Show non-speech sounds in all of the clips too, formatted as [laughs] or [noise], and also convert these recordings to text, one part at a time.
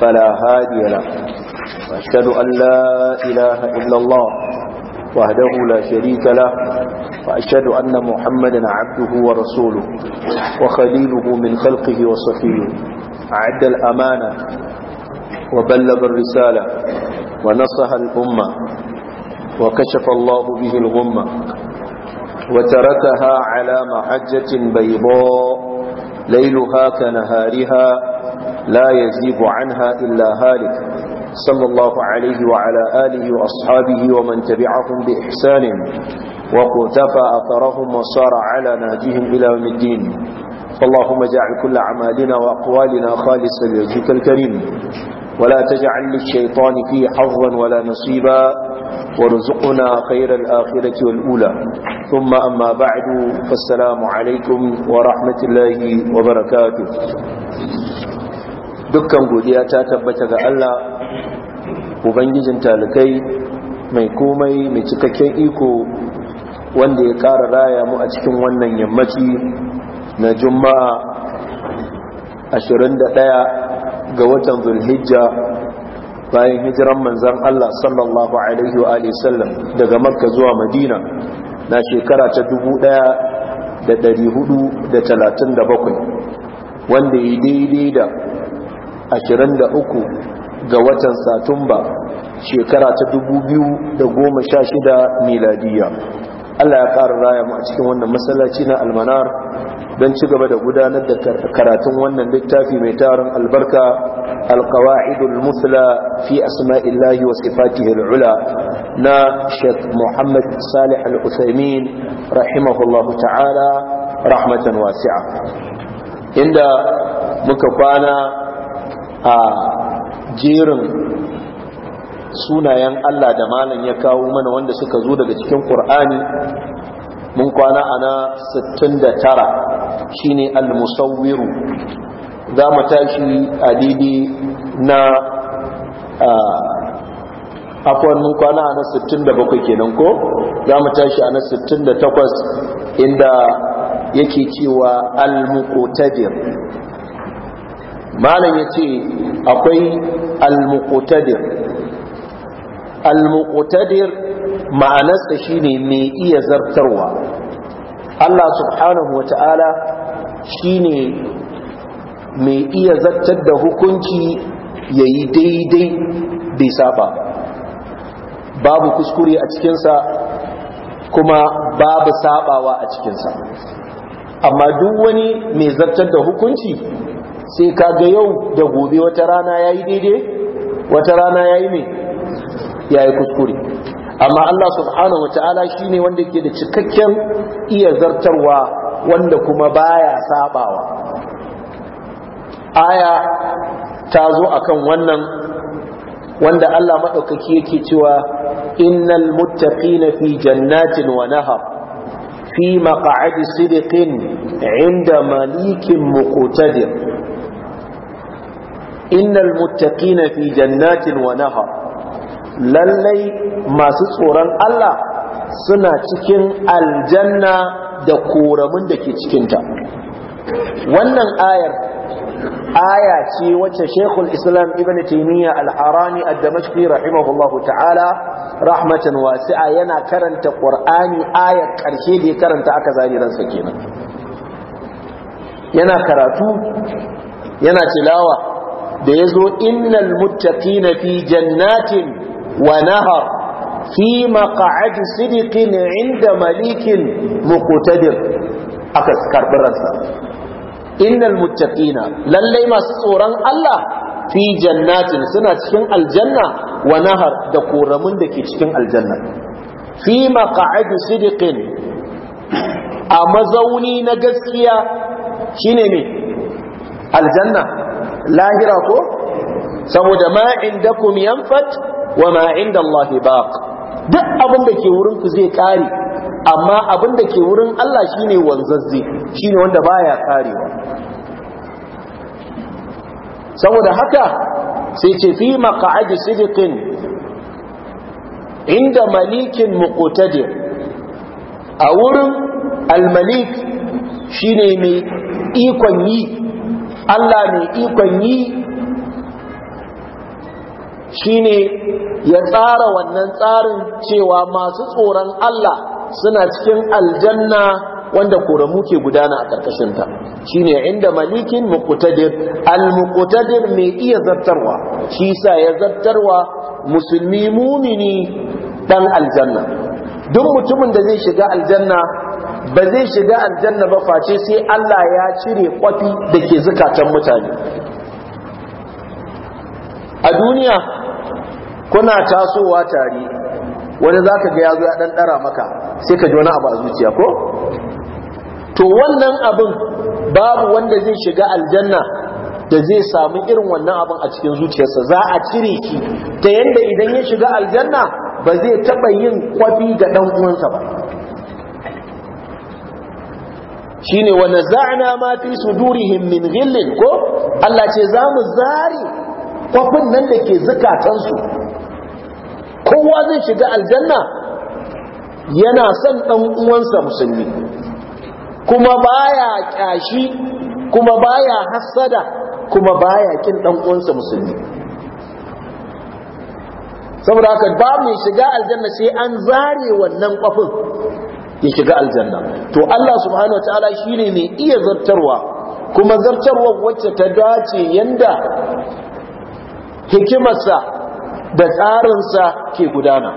فلا هادي له وأشهد أن لا إله إلا الله وحده لا شريك له وأشهد أن محمدا عبده ورسوله وخليله من خلقه وصفيه أعد الأمانة وبلغ الرسالة ونصح الأمة وكشف الله به الغمة وتركها على محجة بيضاء ليلها كنهارها لا يزيغ عنها إلا هالك صلى الله عليه وعلى آله وأصحابه ومن تبعهم بإحسان وقتفى أثرهم وصار على نهجهم إلى يوم الدين فاللهم جعل كل أعمالنا وأقوالنا خالصا لوجهك الكريم ولا تجعل للشيطان فيه حظا ولا نصيبا وارزقنا خير الآخرة والأولى ثم أما بعد فالسلام عليكم ورحمة الله وبركاته dukkan godiya ta tabbata ga Allah ubangijin talikai mai komai mai cikakken iko wanda ya ƙara raya mu a cikin wannan yammaci na juma'a 21 ga watan zulhijja bayan hijiran manzan Allah sallallahu alaihi wa sallam daga makka zuwa madina na shekara ta da 1437 wanda ya daidai da 23 ga watan satumba shekara ta 2016 miladiya Allah ya ƙara raya mu a cikin wannan masallaci na almanar don ci gaba da gudanar da karatun wannan littafi mai tarin albarka alkawa'idul musla fi asma'illahi wa sifatihi al'ula na Sheikh Muhammad Salih Al-Uthaymin rahimahullahu ta'ala rahmatan wasi'a inda muka kwana a jerin sunayen Allah da malam ya kawo mana wanda suka zo daga cikin Qur'ani mun kwana ana 69 shine al-musawwiru za mu tashi a didi na akwai mun kwana ana 67 kenan ko za mu tashi ana 68 inda yake cewa al-muqtadir malam ya ce akwai al-muqtadir al-muqtadir ma'anarsa shine mai iya zartarwa Allah subhanahu wata'ala shine mai iya zartar da hukunci yayi daidai bai saba babu kuskure a cikinsa kuma babu sabawa a cikinsa amma duk wani mai zartar da hukunci sai kaga yau da gobe wata rana ya yi daidai wata rana ya yi mai, ya yi kuskure amma Allah subhanahu shi ne wanda ke da cikakken iya zartarwa wanda kuma baya sabawa aya ta zo kan wannan wanda Allah maɗaukaki yake cewa innal muttaqina fi jannatin wa nahar fi maq'adi صدق 'inda malikin مقتدر innal muttaqina fi jannatin wa nahar lallai masu tsoron Allah suna cikin aljanna da koramin da ke cikinta wannan ayar aya ce wacce shekul islam ibn taimiyya al-harani ad-damashqi rahimahullahu ta'ala rahmatan wasi'a yana karanta qur'ani ayar karshe da ya karanta aka zari ransa kenan yana karatu yana tilawa da ya zo innal muttaqina fi jannatin wa nahar fi maq'adi sidikin inda malikin muqtadir aka karɓi ransa innal muttaqina lallai masu tsoron Allah fi jannatin suna cikin aljanna wa nahar da koramin da ke cikin aljanna fi maq'adi sidikin a mazauni na gaskiya shine ne aljanna lahira ko saboda ma indakum yanfat wa ma inda Allah baq duk abin da ke wurin ku zai kare amma abin da ke wurin Allah shine wanzazze shine wanda baya karewa saboda haka sai ce fi maq'ad sidqin inda malikin muqtadir a wurin almalik shine mai ikon yi Allah mai ikon yi shi ne ya tsara wannan tsarin cewa masu tsoron Allah suna cikin aljanna wanda koramu ke gudana a ƙarƙashinta ne inda malikin MukuTadir, al mukutadir mai iya zartarwa shi sa ya zartarwa musulmi mumini dan aljanna duk mutumin da zai shiga aljanna ba zai shiga aljanna ba face sai Allah ya cire kwafi da ke zukatan mutane a duniya kuna tasowa tare wani za ka ga ya zo ya ɗan ɗara maka sai ka jona abu a zuciya ko to wannan abin babu wanda zai shiga aljanna da zai samu irin wannan abin a cikin zuciyarsa za a cire shi ta yadda idan ya shiga aljanna ba zai taɓa yin kwafi ga ɗan uwansa ba shine wa naza'na ma fi sudurihim min ghillin ko Allah ce za mu zari kwafin nan da ke zukatansu kowa zai shiga aljanna yana son dan uwansa musulmi kuma baya kyashi kuma baya hasada, kuma baya kin dan uwansa musulmi saboda haka ba mu shiga aljanna sai an zare wannan kwafin ya shiga aljanna to Allah subhanahu wataala shine mai iya zartarwa kuma zartarwa wacce ta dace yanda hikimarsa da tsarinsa ke gudana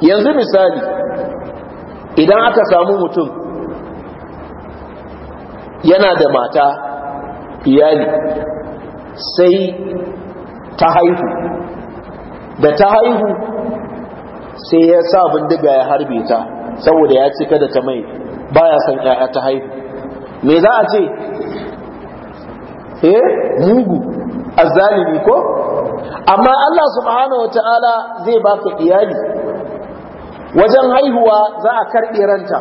yanzu misali idan aka samu mutum yana da mata iyali sai ta haihu da ta haihu sai ya sa bindiga ya harbe ta saboda ya ce kada ta mai baya san ƴaƴa ta haihu me za a ce eh mugu azzalimi ko amma Allah subhanahu wataala zai baka iyali wajen haihuwa za a karɓe ranta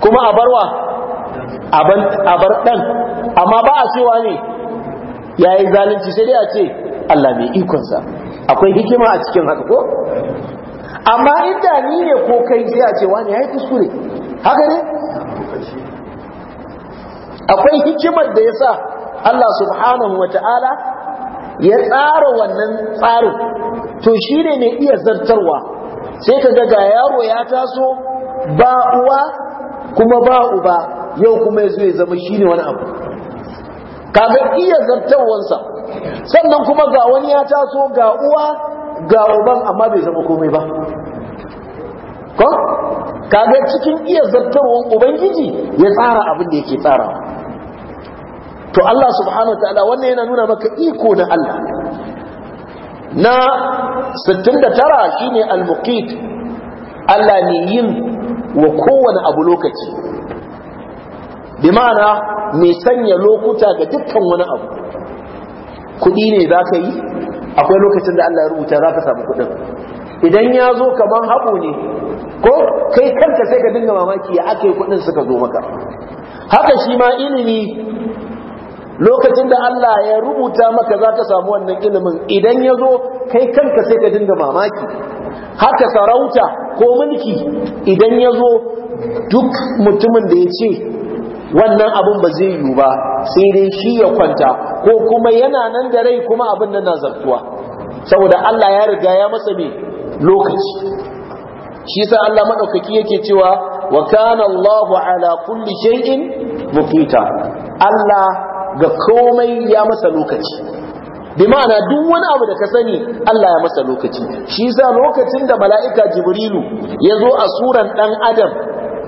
kuma a barwa a bar ɗan amma ba a cewa ne ya yi zalunci sai dai a ce Allah mai ikonsa akwai hikima a cikin haka ko amma inda ni ne ko kai sai a ce wani ya yi kuskure haka ne akwai hikimar da ya sa Allah subhanahu wa ta'ala ya tsara wannan tsarin to shi ne mai iya zartarwa sai ka ga yaro ya taso ba uwa kuma ba uba yau kuma ya zo ya zama shi ne wani abu kaga iya zartarwansa sannan kuma ga wani ya taso ga uwa ga uban amma bai zama komai ba ko kaga cikin iya zartarwar ubangiji ya tsara abin da yake tsara to Allah subhanahu wa wannan yana nuna maka iko na Allah na 69 shine al-muqit Allah ne yin wa kowane abu lokaci bi ma'ana mai sanya lokuta ga dukkan wani abu kudi ne za ka yi akwai lokacin da Allah ya rubuta za ka samu kuɗin idan ya zo kamar haɓo ne ko kai kanka sai ka dinga mamaki ya aka yi kuɗin suka zo maka haka shi ma ilimi lokacin da Allah ya rubuta maka za ka samu wannan ilimin idan ya zo kai kanka sai ka dinga mamaki haka sarauta ko mulki idan ya zo duk mutumin da ya ce wannan abun ba zai yiwu ba sai dai shi ya kwanta ko kuma yana nan da rai kuma abin nan na zartuwa saboda Allah ya riga ya masa me lokaci shi yasa Allah madaukaki yake cewa wa kana Allahu ala kulli shay'in muqita Allah ga komai ya masa lokaci bi ma'ana duk wani abu da ka sani Allah ya masa lokaci shi yasa lokacin da mala'ika jibrilu ya zo a suran dan adam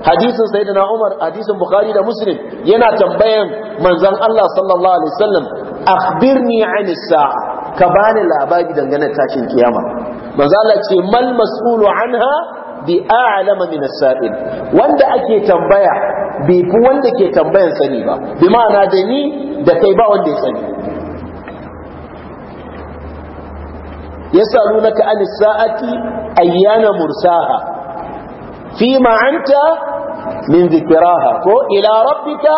hadisin sayyidina Umar hadisin Bukhari da Muslim yana tambayan manzon Allah sallallahu alaihi wasallam akhbirni anis sa'a ka bani labari dangane tashin kiyama manzo Allah ce mal mas'ulu anha bi a'lama min as-sa'il wanda ake tambaya bai fi wanda ke tambayan sani ba bi ma'ana da ni da kai ba wanda ya sani yasalunaka anis sa'ati ayyana mursaha fi ma'anta min ko ila rabbika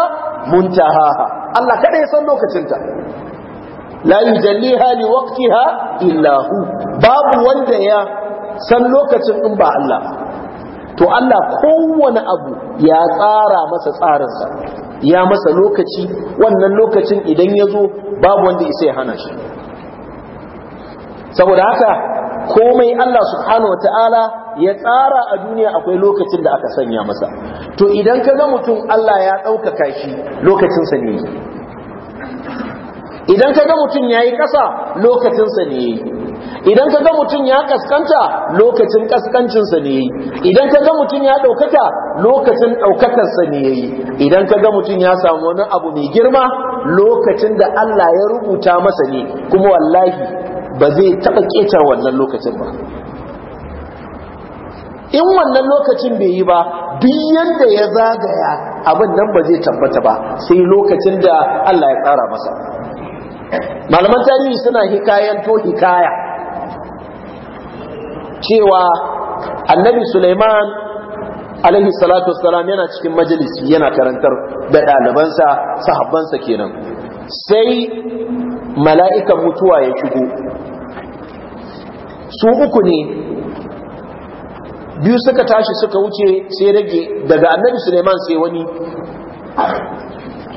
muntahaha Allah kada ya san lokacinta la yujalliha li waqtiha illa hu babu wanda ya san lokacin in ba Allah to Allah kowane abu ya tsara masa tsarinsa ya masa lokaci wannan lokacin idan ya zo babu wanda isa ya hana shi saboda haka komai Allah subhanahu wa ta'ala ya tsara a duniya akwai lokacin da aka sanya masa to idan ka ga mutum Allah ya ɗaukaka shi lokacinsa ne idan ka ga mutum yayi yi ƙasa lokacinsa ne idan ka ga mutum ya kaskanta lokacin sa ne idan ka ga mutum ya ɗaukaka lokacin sa ne idan ka ga mutum ya samu wani abu mai girma lokacin da Allah ya rubuta masa ne kuma wallahi ba zai taɓa ƙeta wannan lokacin ba in wannan lokacin bai yi ba duk yadda ya zagaya abin nan ba zai tabbata ba sai lokacin da Allah ya tsara masa malaman tarihi suna hikayen to hikaya cewa annabi suleiman alaihi salatu wassalam yana cikin majalisi yana karantar da ɗalibansa sahabbansa kenan sai mala'ikan mutuwa ya shigo su uku ne biyu suka tashi suka wuce sai rage daga annabi suleiman sai wani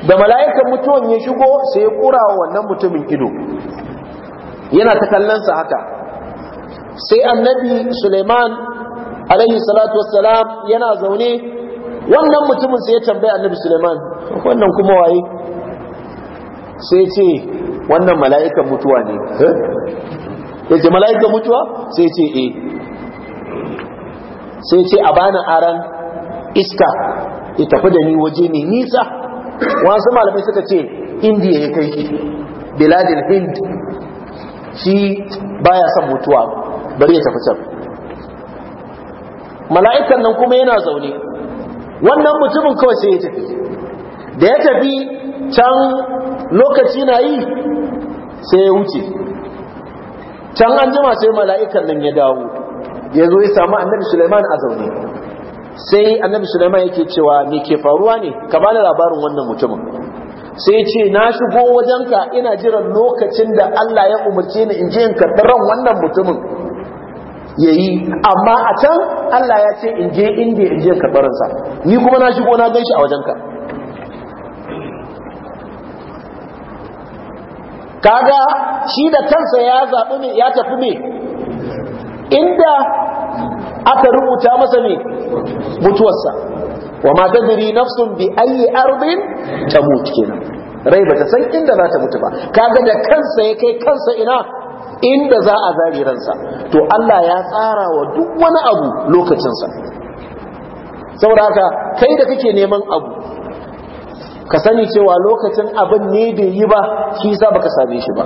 da mala'ikan mutuwan ya shigo sai ya kura wa wannan mutumin ido yana ta kallonsa haka sai annabi suleiman alaihi salatu wassalam yana zaune wannan mutumin sai ya tambaya annabi suleiman wannan kuma waye sai ce wannan mala'ikan mutuwa ne eh? ya ce mala'ikan mutuwa sai ce e sai ce a bani aran iska ya tafi da ni waje mai nisa wasu malamai suka ce indiya ya kai shi biladin hind shi baya son mutuwa bari ya tafi can mala'ikan nan kuma yana zaune wannan mutumin kawai sai ya tafi da ya tafi can lokaci na yi sai ya wuce can an jima sai mala'ikan nan ya dawo ya zo ya samu annabi Suleiman a zaune sai annabi Suleiman yake cewa me ke faruwa ne ka ba bani labarin wannan mutumin sai ce na shigo ka ina jiran lokacin da Allah ya umarce ni in je in karɓi ran wannan mutumin ya yi amma a can Allah ya ce in je inda in je karɓi ransa ni kuma na shigo na gan shi a ka. kaga shi da kansa ya zaɓi ne ya tafi ne inda aka rubuta masa ne mutuwarsa wa ma biri nafsun bi ayi ta mutu kenan rai ba ta san inda za ta mutu ba kaga da kansa ya kai kansa ina inda za a zari ransa to Allah ya tsara wa duk wani abu lokacinsa saboda haka kai da kake neman abu ka sani cewa lokacin abin ne bai yi ba shi ba baka same shi ba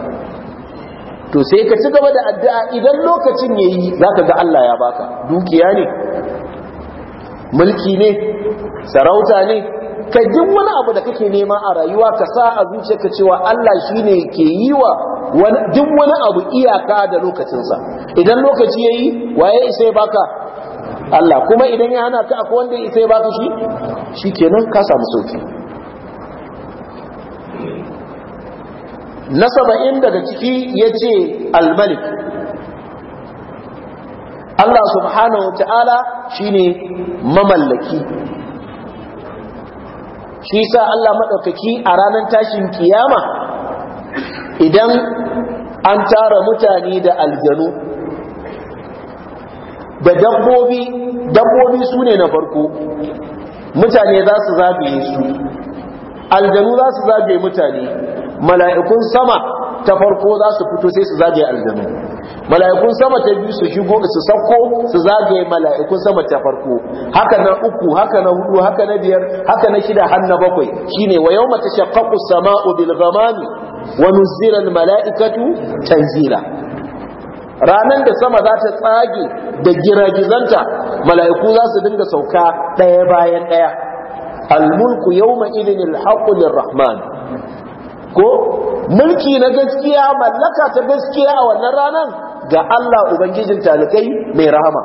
to sai ka ci gaba da addu'a idan lokacin ya yi za ka ga Allah ya baka dukiya ne mulki ne sarauta ne ka duk wani abu da kake nema a rayuwa ka sa a zuciyarka cewa Allah shi ne ke yi wa duk wani abu iyaka da lokacinsa idan lokaci ya yi waye isai baka Allah kuma idan ya hana ka akwai wanda ya baka shi shi kenan ka samu sauki na saba'in daga ciki ya ce almalik Allah subhanahu wa ta'ala shi ne mamallaki shi sa Allah maɗaukaki a ranar tashin kiyama idan an tara mutane da aljanu da dabbobi dabbobi su ne na farko mutane za su zaɓe su aljanu za su zagaye mutane mala'ikun sama ta farko za su fito sai su zagaye aljanu mala'ikun sama ta biyu su shigo su sauko su zagaye mala'ikun sama ta farko haka na uku haka na hudu haka na biyar haka na shida har na bakwai shine wa yawma tashaqqaqu as-sama'u bil ghamami wa nuzila al-mala'ikatu tanzila ranan da sama za ta tsage da girgizanta mala'iku za su dinga sauka ɗaya bayan ɗaya al-mulku yawma idin al-haqqu lir-rahman ko mulki na gaskiya mallaka ta gaskiya a wannan ranan ga Allah ubangijin talikai mai rahama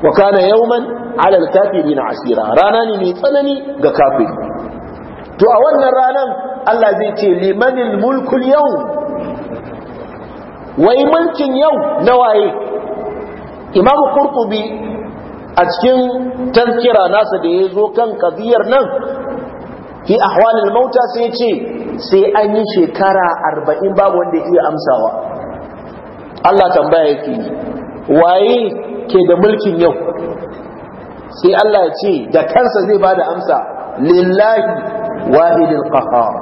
wa kana yawman 'ala al-kafirin asira rana ne mai tsanani ga kafiri to a wannan ranan Allah zai ce limanil mulku al-yawm wai mulkin yau na waye imamu qurtubi a cikin tazkira nasa da ya zo kan kabiyar nan fi ahwalil mauta sai ce sai an yi shekara arba'in babu wanda ya iya amsawa Allah tambaya yake waye ke da mulkin yau sai Allah ya ce da kansa zai bada amsa lillahi wahidil qahar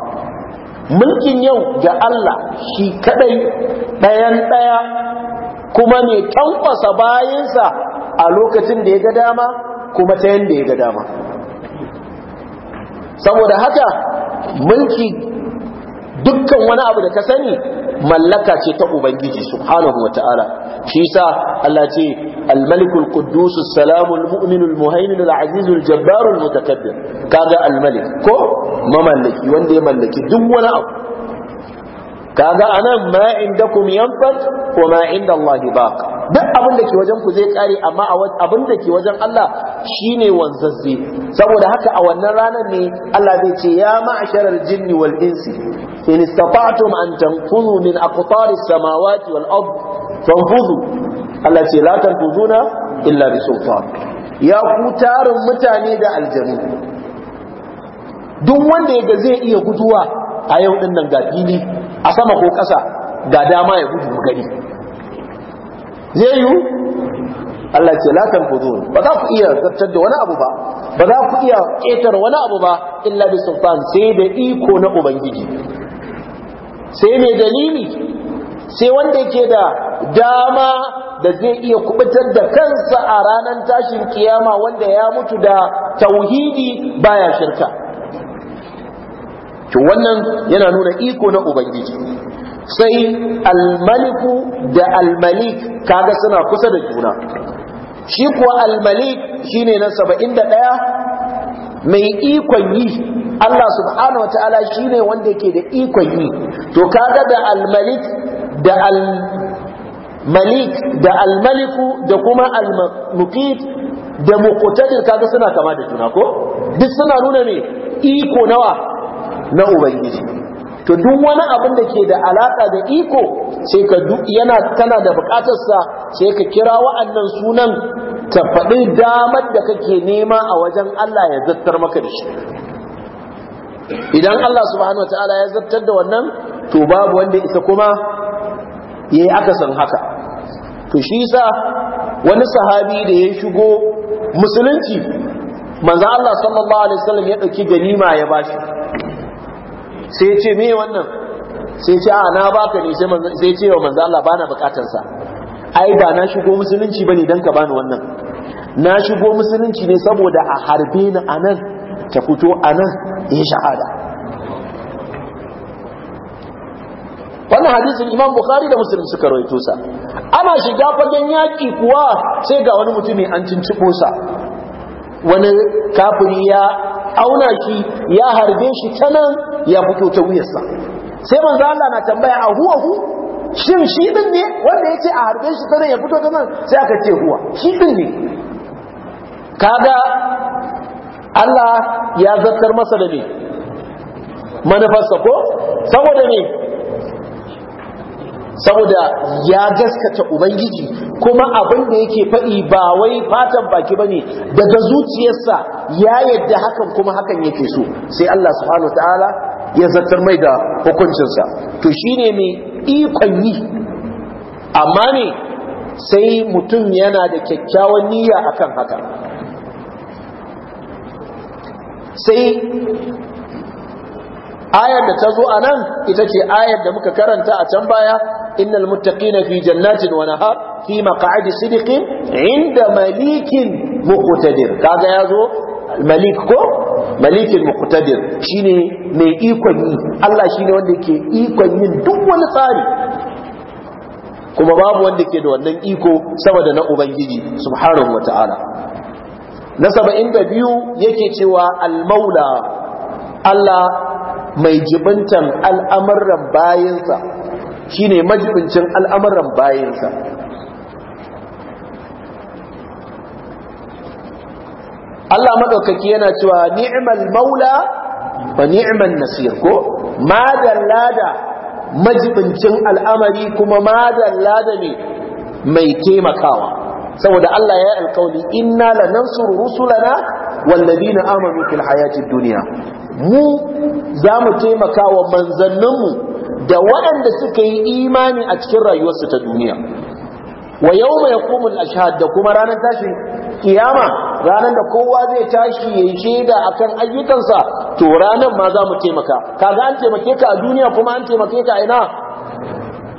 mulkin yau ga Allah shi kadai ɗayan daya kuma ne tankwasa bayansa a lokacin da ya ga dama kuma ta yanda ya ga dama saboda haka mulki dukkan wani abu da ka sani mallaka ce ta ubangiji subhanahu wata'ala shi sa Allah ce al-malikul quddus salamul mu'minul azizul jabbarul mutakaddir kaga al-malik ko mamallaki wanda ya mallaki duk wani abu kaga anan ma indakum yanfad wa ma inda Allah baq duk abin da ke wajen ku zai kare amma abin da ke wajen Allah shine wanzazze saboda haka a wannan ranar ne Allah zai ce ya ma'asharar jinni wal insi in istata'tum an tanfudu min aqtari samawati wal ard fanfudu Allah ce la tanfuduna illa bi sultan ya ku tarin mutane da aljanu duk wanda yaga zai iya guduwa a yau din nan ga fili a sama ko ƙasa ga dama ya gudu mu zai yiwu Allah ce la tanfudun ba za ku iya zartar da wani abu ba ba za ku iya ƙetar wani abu ba illa bi sultan sai da iko na ubangiji sai mai dalili sai wanda yake da dama da zai iya kubutar da kansa a ranar tashin kiyama wanda ya mutu da tauhidi baya shirka to wannan yana nuna iko na ubangiji sai almaliku da almalik kaga suna kusa da juna shi kuwa almalik shine na ɗaya mai ikon yi Allah subhanahu shi shine wanda yake da ikon yi to kaga da almalik da almalik da almaliku da kuma almuqit da muqtadir kaga suna kama da juna ko duk suna nuna ne iko nawa na ubangiji to duk wani abin da ke da alaƙa da iko sai ka yana kana da bukatar sa sai ka kira wa'annan sunan ta faɗi damar da kake nema a wajen Allah ya zartar maka da shi idan Allah subhanahu wataala ya zartar da wannan to babu wanda isa kuma ya yayi akasin haka to shi yasa wani sahabi da ya shigo musulunci manzo Allah sallallahu alaihi wasallam ya dauki ganima ya bashi sai ce me wannan sai ce a na baka ne sai ce wa manzo Allah bana bukatar sa ai ba na shigo musulunci bane dan ka bani wannan na shigo musulunci ne saboda a harbe ni anan ta fito anan ya shahada wannan hadisin imam bukhari da muslim suka rawaito sa ana shiga fagen yaki kuwa sai ga wani mutumi an cincibo sa wani kafiri ya auna shi ya harbe shi ta nan ya fito ta wuyarsa sai manzo Allah na tambaya a huwa hu shin shi din ne wanda ce a harbe shi ta nan ya fito ta nan sai aka ce huwa shi din ne kaga Allah ya zartar masa da ne manufarsa ko saboda ne saboda ya gaskata ubangiji kuma abin da yake faɗi ba wai fatan baki bane daga zuciyarsa ya yadda hakan kuma hakan yake so sai Allah subhanahu ta'ala ya zartar mai da hukuncinsa to shine mai ikon yi amma ne sai mutum yana da kyakkyawan niyya akan haka sai ayar da ta zo a nan ita ce ayar da muka karanta a can baya innal muttaqina fi jannatin wa nahar fi maq'adi sidiqin inda malikin muqtadir kaga yazo malik ko malikin muqtadir shine mai ikon yi Allah shine wanda yake ikon yin duk wani tsari kuma babu wanda ke da wannan iko saboda na ubangiji subhanahu wataala na 72 yake cewa al-maula Allah mai jibintan al'amuran bayansa shine majibincin al'amuran bayansa Allah madaukaki yana cewa ni'imar maula wa ni'man nasir ko madalla da majibincin al'amari kuma madalla da ne mai taimakawa saboda Allah ya yi alƙawli inna lanansuru rusulana wallazina amanu fil hayatid duniya? mu za mu taimaka wa manzanninmu da waɗanda suka yi imani a cikin rayuwarsu ta duniya wa yau mai hukumul ashad da kuma ranar tashi kiyama ranar da kowa zai tashi ya shaida akan ayyukansa to ranar ma za mu taimaka kaga an taimake ka a duniya kuma an taimake ka a ina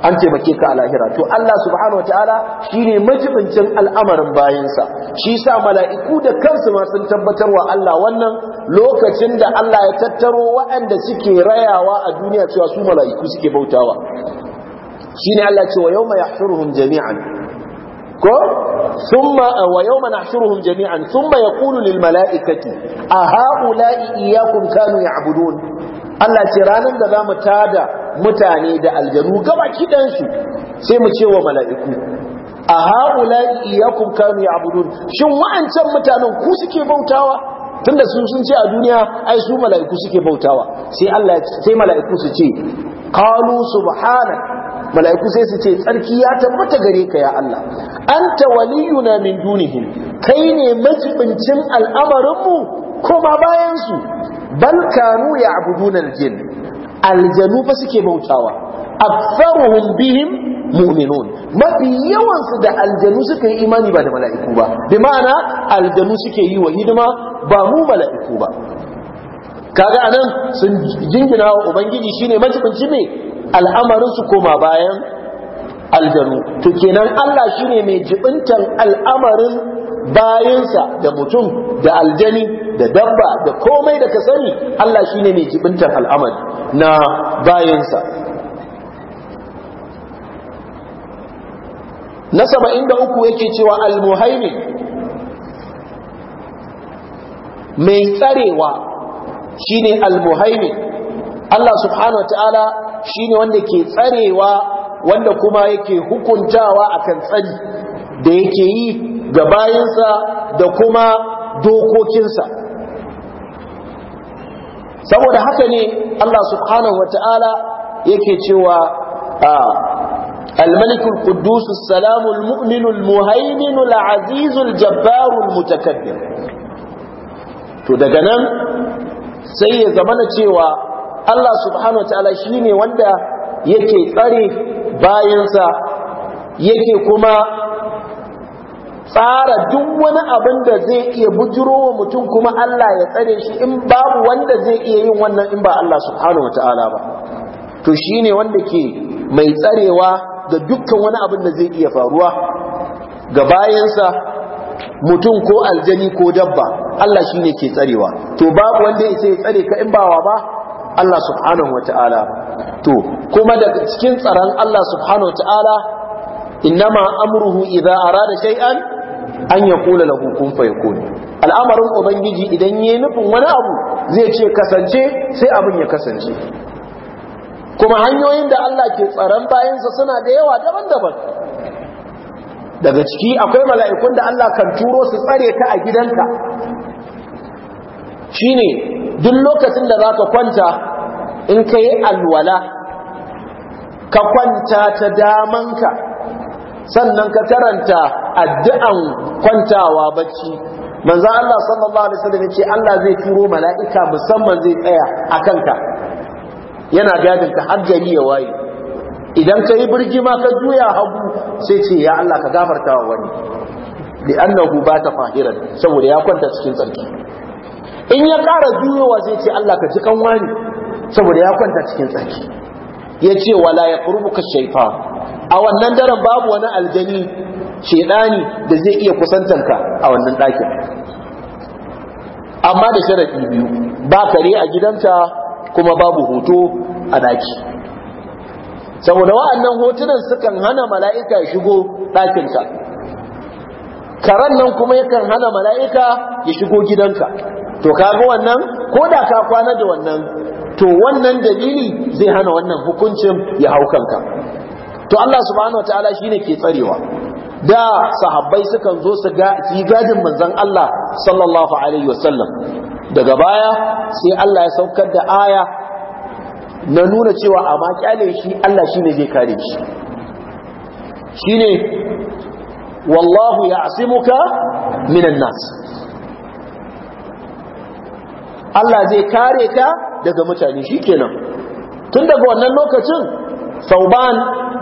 an taimake ka a lahira to Allah subhanahu wataala shine majibincin al'amarin bayansa shi sa mala'iku da kansu ma sun tabbatarwa Allah wannan lokacin da Allah ya tattaro waɗanda suke rayawa a duniya cewa su mala'iku suke bautawa ne Allah ce wa yahshuruhum jami'an ko thumma wa yawma nahshuruhum jami'an thumma yaqulu lil mala'ikati a ha'ula'i iyyakum kanu ya'budun Allah ce ranar da zamu tada mutane da aljanu gaba kidansu sai mu ce wa mala'iku a haula iyakum kanu abudun shin wa'ancan mutanen ku suke bautawa tunda su sun ce a duniya ai su mala'iku suke bautawa sai Allah sai mala'iku su ce qalu subhana mala'iku sai su ce tsarki ya tabbata gare ka ya Allah anta waliyuna min dunihim kai ne majibincin al'amarinmu kuma bayan su bal kanu abudun al-jinn aljanu fa suke bautawa aktharuhum bihim mu'minun mafi yawan su da aljanu suka yi imani ba da mala'iku ba bi ma'ana aljanu suke yi wa hidima ba mu mala'iku ba kaga anan sun jingina wa ubangiji shine majibinci ne al'amarin su koma bayan aljanu to kenan Allah shine mai jibintan al'amarin bayansa da mutum da aljani da dabba da komai da ka sani Allah ne mai jibintar al'amari na bayansa na saba'in da uku yake cewa almuhaimi mai tsarewa shine almuhaimi Allah subhanahu ta'ala shi ne wanda ke tsarewa wanda kuma yake hukuntawa akan tsari da yake yi ga bayansa da kuma dokokinsa saboda haka ne Allah subhanahu wa ta'ala yake cewa الملك القدوس السلام المؤمن المهيمن العزيز الجبار المتكبر to daga nan sai ya zamana cewa Allah subhanahu shi shine wanda yake tsare bayansa yake kuma tsara duk wani abin da zai iya bujiro wa mutum kuma Allah ya tsare shi in babu wanda zai iya yin wannan in ba Allah subhanahu wataala ba to shine wanda ke mai tsarewa ga dukkan wani abin da zai iya faruwa ga bayansa mutum ko aljani ko dabba Allah shine ke tsarewa to babu wanda ya ya tsare ka in bawa ba Allah subhanahu wataala to kuma daga cikin tsaron Allah subhanahu wataala innama amruhu ara da shai'an an ya kula lahu kun fa yakun al'amarin ubangiji idan yayi nufin wani abu zai ce kasance sai abin ya kasance kuma hanyoyin da Allah ke tsaron bayan sa suna da yawa daban-daban daga ciki akwai mala'ikun da Allah kan turo su tsare ka a gidanka shine duk lokacin da zaka kwanta in kai alwala ka kwanta ta damanka sannan ka karanta addu'an kwantawa bacci manzo Allah sallallahu alaihi wasallam yace Allah zai turo mala'ika musamman zai tsaya a kanka yana gadin ka har gari ya waye idan ka yi birgima ka juya hagu sai ce ya Allah ka gafarta wa wani li'annahu ba ta fahiran saboda ya kwanta cikin tsarki in ya ƙara juyowa sai ce Allah ka ji wani saboda ya kwanta cikin tsarki ya ce wala ya shaytan shaifa a wannan daren babu wani aljani shedani da zai iya kusantanka a wannan ɗakin amma da sharaɗi biyu ba kare a gidanta kuma babu hoto a ɗaki saboda wa'annan hotunan sukan hana mala'ika ya shigo ɗakinka karen nan kuma yakan hana mala'ika ya shigo gidanka to kaga wannan ko da ka kwana da wannan to wannan dalili zai hana wannan hukuncin ya hau kanka to Allah subhanahu wataala shine ke tsarewa da sahabbai sukan zo su ga yi gadin manzon Allah sallallahu alaihi wasallam daga baya sai Allah ya saukar da aya na nuna cewa amma kyale shi Allah shine zai kare shi shine wallahu ya'simuka minan nas Allah zai kare ka daga mutane shikenan tun daga wannan lokacin sauban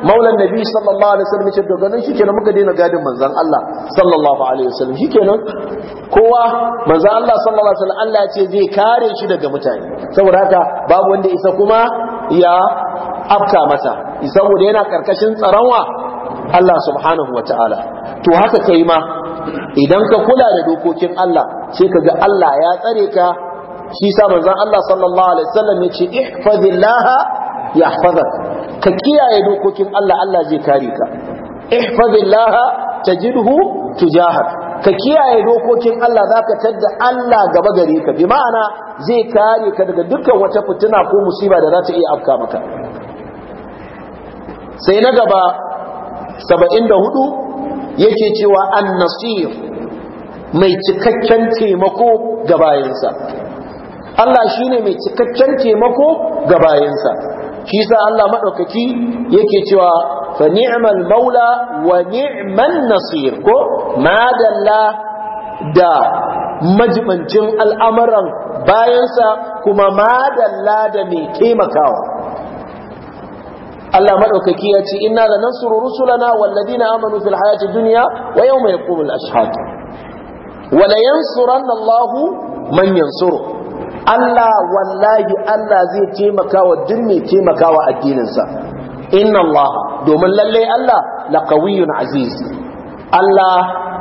maulan nabi sallallahu alaihi wasallam ce daga nan shikenan muka daina gadin manzon Allah sallallahu alaihi wasallam shikenan kowa manzon Allah sallallahu alaihi wasallam Allah ce zai kare shi daga mutane saboda haka babu wanda isa kuma ya afka masa saboda yana karkashin tsaronwa Allah subhanahu wataala to haka kai ma idan ka kula da dokokin Allah sai ga Allah ya tsare ka shi sa manzon Allah sallallahu alaihi wasallam ya ce ihfazillaha yahfazak ka kiyaye dokokin Allah Allah zai kare ka ihfazillah tajidhu tujahak ka kiyaye dokokin Allah zaka tadda Allah gaba gare ka bi ma'ana zai kare ka daga dukkan wata fitina ko musiba da za ta iya afka maka sai na gaba 74 yake cewa an-nasir mai cikakken taimako ga bayansa Allah shine mai cikakken taimako ga bayansa shi sa Allah madaukaki yake cewa fa ni'mal maula wa ni'man nasir ko madalla da majibancin al'amuran bayansa kuma madalla da mai taimakawa Allah madaukaki ya ce inna lanansuru rusulana walladina amanu fil hayati dunya wa yawma yaqumul ashhad wa la yansuranna Allahu man yansuru Allah wallahi Allah zai taimakawa wa duk mai taimaka wa addininsa inna Allah domin lallai Allah laqawiyyun aziz Allah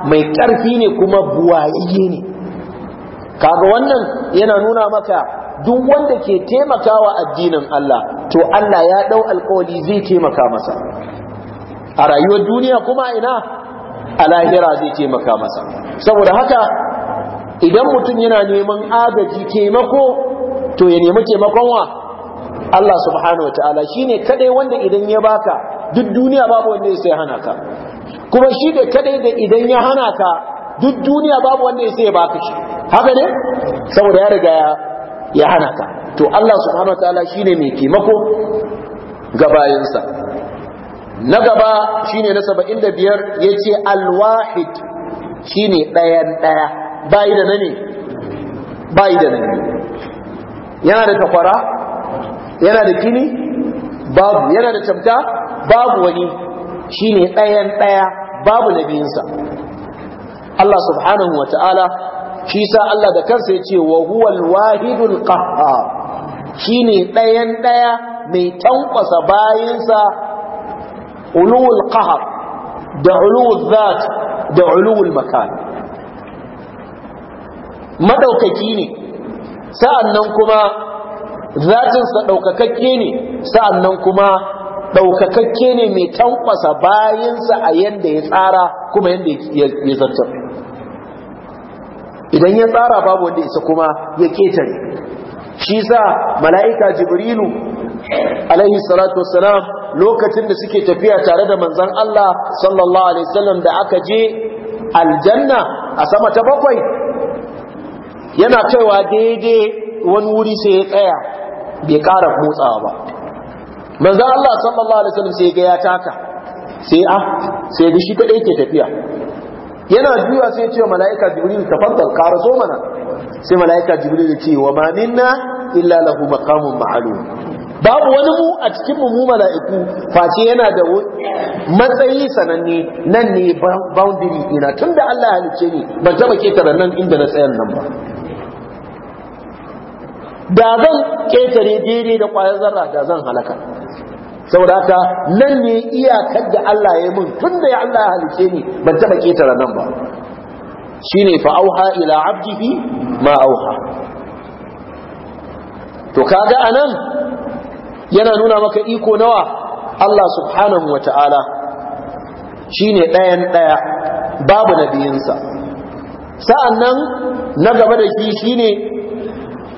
mai ƙarfi ne kuma buwaye ne kaga wannan yana nuna maka duk wanda ke taimakawa wa addinin Allah to Allah ya dau alƙawari zai taimaka masa a rayuwar duniya kuma ina a lahira zai taimaka masa saboda haka idan mutum yana neman agaji taimako to ya nemi taimakon wa Allah subhanahu wa ta'ala shine kadai wanda idan ya baka duk duniya babu wanda ya sai hana ka kuma shi ne kadai da idan ya hana ka duk duniya babu wanda ya sai baka shi haka ne saboda ya riga ya hana ka to Allah subhanahu wa ta'ala shine mai taimako ga bayansa na gaba shine na 75 ce alwahid shine ɗayan ɗaya bayi da na bayi da na ne yana da takwara yana da kini babu yana da tamta babu wani shine ɗayan ɗaya babu na biyunsa Allah subhanahu wa ta'ala shi sa Allah da kansa ya ce wa huwal wahidul qahhar shine ɗayan ɗaya mai tankwasa bayansa ulul qahar da ulul zat da ulul makani madaukaki ne sa'annan kuma zatinsa daukakakke ne sa'annan kuma daukakakke ne mai tankwasa bayansa a yanda ya tsara kuma yanda ya zartar idan ya tsara babu wanda isa kuma ya ketare shi sa mala'ika jibrilu alaihi salatu wassalam lokacin da suke tafiya tare da manzon Allah sallallahu alaihi wasallam da aka je aljanna a sama ta bakwai yana kaiwa daidai wani wuri sai ya tsaya bai ƙara motsawa ba manzo Allah sallallahu alaihi wasallam sai ga ya taka sai a, ah, sai da shi kadai ke tafiya yana juya sai ya ce mala'ika jibril fanta ka so mana sai mala'ika jibril ya ce wa ma minna illa lahu maqamun ma'lum babu wani mu a cikin mu mala'iku face yana da matsayi sananne nan ne boundary ina tunda Allah ya halice ni ban taba ketare nan inda na tsayar nan ba da zan ƙetare dire da ƙwayar zarra da zan halaka saboda haka nan ne iyakar da Allah ya mun tun da ya Allah ya halice ni ban taɓa ƙetare nan ba shine fa auha ila abdihi ma auha to kaga anan yana nuna maka iko nawa Allah subhanahu wata'ala shine ɗayan ɗaya babu nabiyinsa sa'annan na gaba da shi shine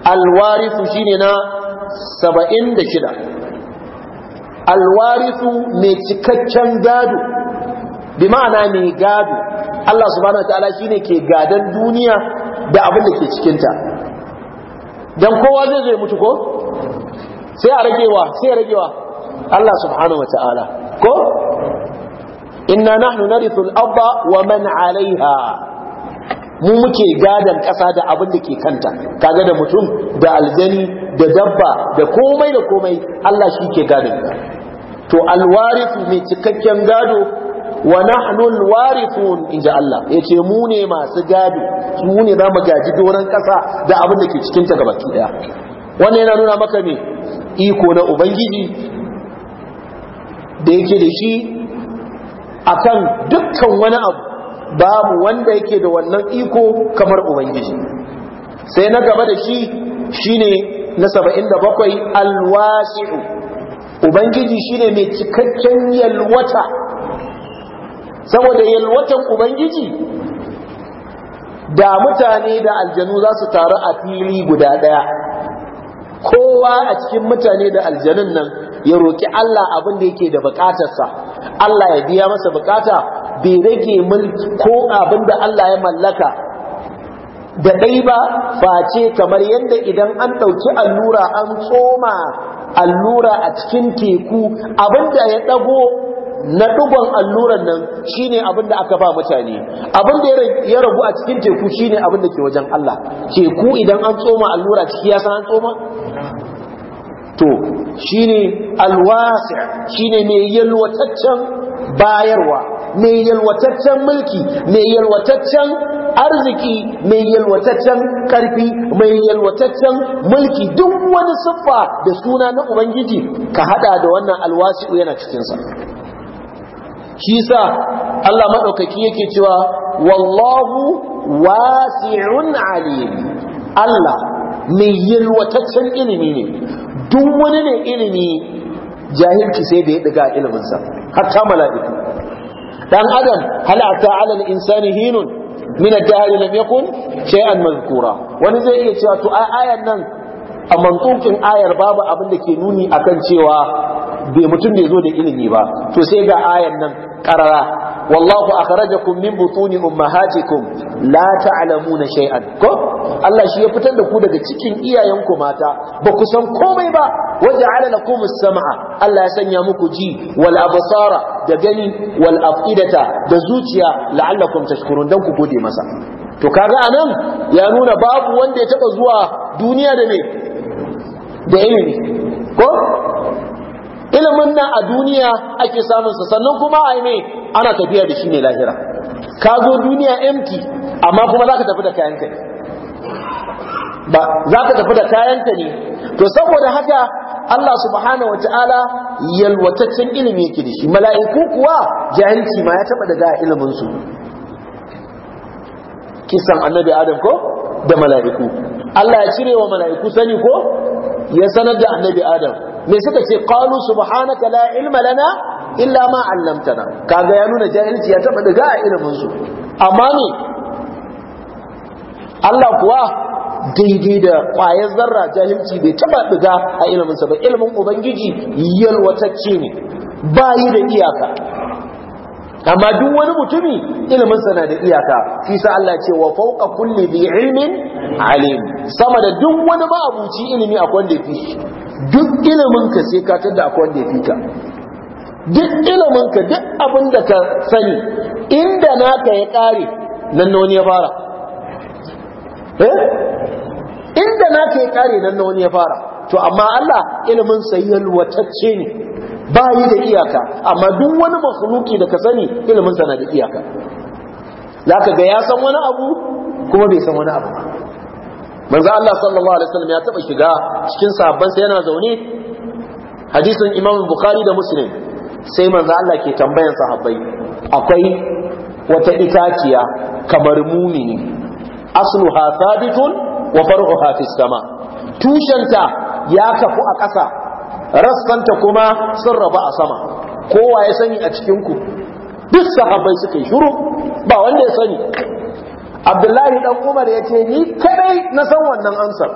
alwarisu shine na saba'in da shida alwarisu mai cikakken gado bi ma'ana mai gado Allah subhanahu ta'ala shine ke gadan duniya da abin da ke cikinta dan kowa zai zai mutu ko sai a ragewa sai a ragewa Allah subhanahu ta'ala ko inna nahnu narithu al-ardha wa man 'alayha mu muke gadan ƙasa da abin da ke kanta kaga da mutum da aljani da dabba da komai da komai Allah shi ke gadan to alwarithu mai cikakken gado wa nahnu alwarithun inji Allah yace mu ne masu gado mu ne zamu gaji doran ƙasa da abin da ke cikin ta gabaki daya wannan yana nuna maka ne? iko na ubangiji da yake da shi akan dukkan wani abu babu wanda yake da wannan iko kamar ubangiji sai na gaba da shi shine na 77 alwasi'u ubangiji shine mai cikakken yalwata saboda yalwatan ubangiji da mutane da aljanu za su taru a fili guda daya kowa a cikin mutane da aljanun nan ya roki Allah abin da yake da bukatarsa Allah ya biya masa bukata bai rage mulki ko abin da Allah ya mallaka da ɗai ba face kamar yadda idan an ɗauki allura an tsoma allura a cikin teku abin da ya ɗago na ɗugon alluran nan shine abin da aka ba mutane abin da ya ragu a cikin teku shine abin da ke wajen Allah teku idan an tsoma allura ciki ya san an tsoma to shine alwasi shine mai yalwataccen bayarwa mai yalwataccen mulki mai yalwataccen arziki mai yalwataccen karfi mai yalwataccen mulki duk wani siffa da suna na ubangiji ka hada da wannan alwasi yana cikinsa shi sa Allah maɗaukaki yake cewa wallahu wasi'un alim Allah mai yalwataccen ilimi ne duk wani ne ilimi jahilci sai da ya ɗiga iliminsa hatta mala'iku dan adam hal ata ala al insani hinun min al dahr lam yakun shay'an mazkura wani zai iya cewa to ayan nan a mantukin ayar babu abin da ke nuni akan cewa bai mutum bai zo da ilimi ba to sai ga ayan nan karara wallahu akhrajakum min butuni ummahatikum la ta'lamuna shay'an ko Allah shi ya fitar da ku daga cikin iyayenku mata ba ku san komai ba waja'ala lakum as-sam'a Allah ya sanya muku ji wal absara da gani wal afidata da zuciya la'allakum tashkurun dan ku gode masa to kaga anan ya nuna babu wanda ya taɓa zuwa duniya da me da ilimi ko ilimin nan a duniya ake samun sa sannan kuma a ne ana tafiya da shi ne lahira ka zo duniya empty amma kuma za ka tafi da kayanta ne ba ka tafi da kayanta ne to saboda haka Allah subhanahu ta'ala yalwataccen ilimi yake da shi mala'iku kuwa jahilci ma ya taba da ilimin kisan annabi adam ko da mala'iku Allah ya cire wa mala'iku sani ko ya sanar da annabi adam me suka ce qalu subhanaka la ilma lana illa ma 'allamtana kaga ya nuna jahilci ya taba daga a ilimin su amma ne Allah kuwa daidai da ƙwayar zarra jahilci bai taba ɗiga a ilimin sa ba ilimin ubangiji yalwatacce ne bayi da iyaka amma duk wani mutumi ilimin sa na da iyaka shi sa Allah ce wa fawqa kulli bi ilmin alim sama da duk wani ba abuci ilimi akwai da fi duk iliminka sai ka tada akwai wanda ya fi ka duk iliminka duk abin da ka sani inda naka ya ƙare nan na wani ya fara eh inda naka ya ƙare nan na wani ya fara to amma Allah ilimin sa luwatacce ne ba yi da iyaka amma duk wani makhluki da ka sani ilimin na da iyaka za ka ga ya san wani abu kuma bai san wani abu ba manzo Allah sallallahu alaihi wasallam ya taba shiga cikin sahabban sa yana zaune hadisin Imam Bukhari da Muslim sai manzo Allah ke tambayan sahabbai akwai wata itaciya kamar mumini asluha thabitun wa far'uha fis sama tushenta ya kafu a ƙasa rassanta kuma sun raba a sama kowa ya sani a cikin ku duk sahabbai suka yi shiru ba wanda ya sani abdullahi dan umar ya ce ni kadai na san wannan ansar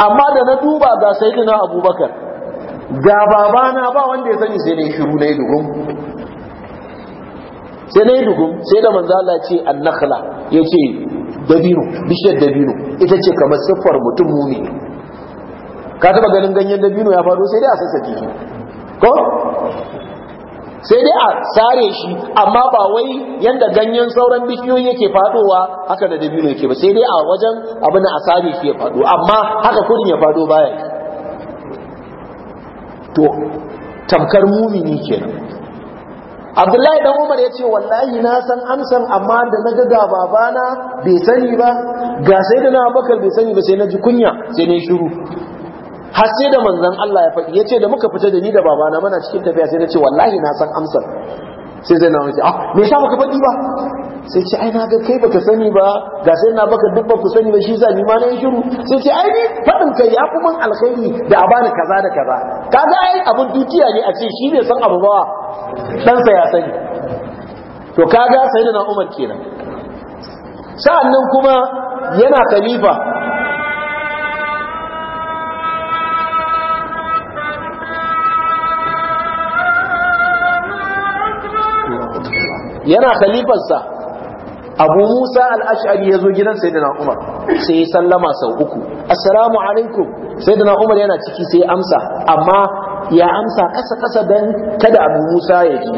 amma da na duba ga sayyidina abubakar ga na ba wanda ya sani sai dai shiru na dugum sai na dugum sai da manzo Allah ce annakhla yace dabino bishiyar dabino ita ce kamar siffar mutum mumi ka taba ganin ganyen dabino ya faru sai dai a sassake ko sai dai a sare shi amma ba wai yadda ganyen sauran bishiyoyi yake fadowa haka da dabino yake ba sai dai a wajen abin a sare shi ya fado amma haka kudin ya fado baya to tamkar mumini kenan Abdullahi dan Umar ya ce wallahi na san amsan amma da na ga babana bai sani ba ga sai da na bakar bai sani ba sai na ji kunya sai na shiru har sai da manzon Allah ya faɗi ya ce da muka fita da ni da babana muna cikin tafiya sai na ce wallahi na san amsar sai zai na ce ah me yasa baka faɗi ba sai ce ai na ga kai baka sani ba ga sai na baka duk baka sani ba shi za ni ma na yi shiru sai ce ai faɗin kai ya kuma alkhairi da a bani kaza da kaza kaga ai abun dukiya ne a ce shi ne san abubawa? ba ɗansa ya sani to kaga sai da na umar kenan sa'annan kuma yana kalifa. yana khalifarsa abu musa al'ashari ya zo gidan sayyidina umar sai ya sallama sau uku assalamu alaikum sayyidina umar yana ciki sai amsa amma ya amsa kasa kasa dan kada abu musa ya ji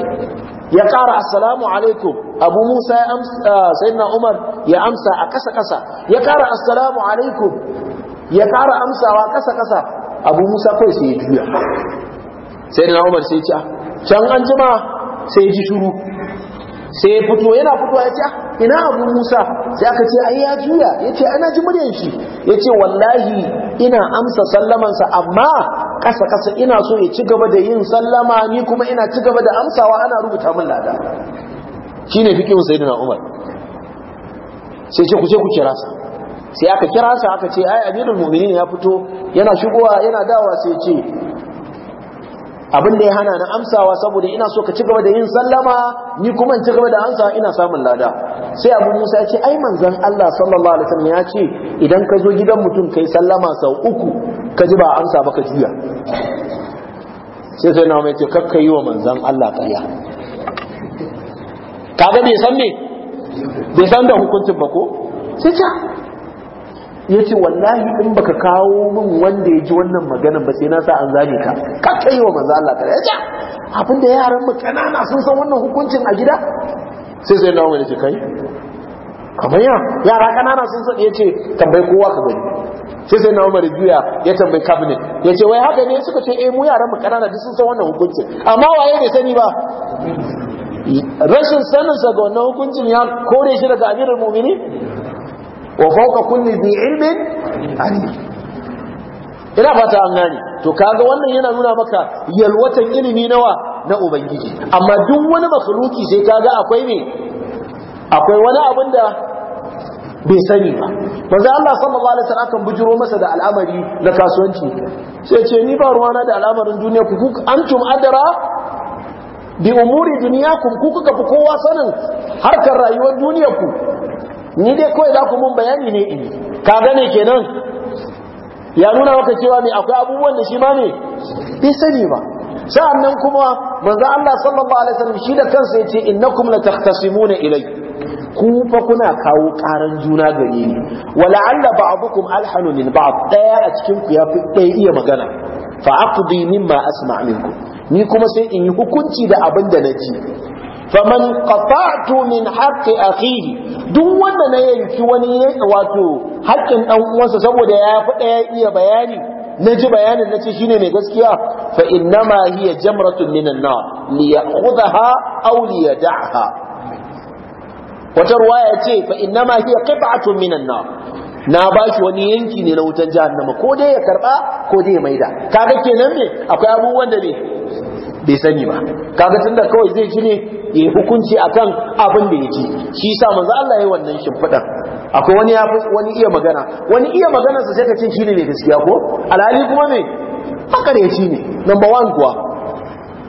ya ƙara assalamu alaikum abu musa ya amsa ah, sayyidina umar ya amsa a kasa kasa ya ƙara assalamu alaikum ya ƙara amsawa kasa kasa abu musa kawai sai ya juya sayyidina umar sai ya ci ah, can an jima sai ya ji shuru sai ya fito yana fitowa ya ce ah, ina abu musa sai aka ce ai ya juya ya ce ana ji muryan shi ya ce wallahi ina amsa sallamansa amma kasa kasa ina so ya ci gaba da yin sallama ni kuma ina ci gaba da amsawa ana rubuta min lada ne fikin sayyidina umar sai ce ku ce ku kira sa sai aka kira sa aka ce ai amirul mu'minin ya fito yana shigowa yana dawa sai ce abin da ya hana na amsawa saboda ina so ka ci gaba da yin sallama ni kuma in ci gaba da amsa ina samun lada sai abu musa ya ce ai manzon Allah sallallahu alaihi wasallam ya ce idan ka zo gidan mutum kai sallama sau uku ka ji ba amsa ba ka juya sai sai na mai ce kakka yi wa manzon Allah kariya kaga bai san me bai san da hukuncin ba ko sai ta ya ce wallahi in baka kawo min wanda ya ji wannan maganan ba sai na sa an zane ka kakka yi wa manzo Allah ta ya abin da yaran mu kanana sun san wannan hukuncin a gida sai sai na wani ce kai kamar ya yara kanana sun san ya ce tambayi kowa ka gani sai sai na umar juya ya tambayi cabinet ya ce wai haka ne suka ce eh mu yaran mu kanana duk sun san wannan hukuncin amma waye bai sani ba rashin saninsa ga wannan hukuncin ya kore shi daga amirul mu'minin wa fawqa kulli dhi ilmin alim ina fata an gane to kaga wannan yana nuna maka yalwatan ilimi nawa na ubangiji amma duk wani makhluki sai kaga akwai ne akwai wani abin da bai sani ba maza Allah sallallahu alaihi wasallam kan bujiro masa da al'amari na kasuwanci sai ce ni ba ruwana da al'amarin duniya ku antum adara bi umuri duniyakum ku kuka fi kowa sanin harkar rayuwar duniyar ku ni dai kawai za ku mun bayani ne ini kaga ne kenan ya nuna maka cewa ne akwai abubuwan da shi ma ne bai sani ba sa'annan kuma manzo Allah sallallahu alaihi wasallam shi da kansa yace innakum latakhtasimuna ilai ku fa kuna kawo karan juna gare ni wala alla ba'dukum alhanu lil ba'd daya a cikin ku yafi ɗaya iya magana fa aqdi mimma asma' minkum ni kuma sai in yi hukunci da abin da naji faman qata'tu min haqqi akhihi duk wanda na yanki wani wato haƙƙin dan uwansa saboda ya fi daya iya bayani na ji bayanin na ce shine mai gaskiya fa innama hiya jamratun minan nar li ya'khudha aw li yad'aha wata ruwaya ce fa innama hiya qit'atun minan nar na ba shi wani yanki ne na wutan jahannama ko dai ya karba ko dai ya maida kaga kenan ne akwai abubuwan da ne bai sani ba kaga tunda kawai zai ji ne ya hukunci akan abin da ya ji shi sa manzo Allah yayi wannan shimfida akwai wani ya wani iya magana wani iya magana sa sai ka ce ne mai gaskiya ko alhali kuma me makareci ne number 1 kuwa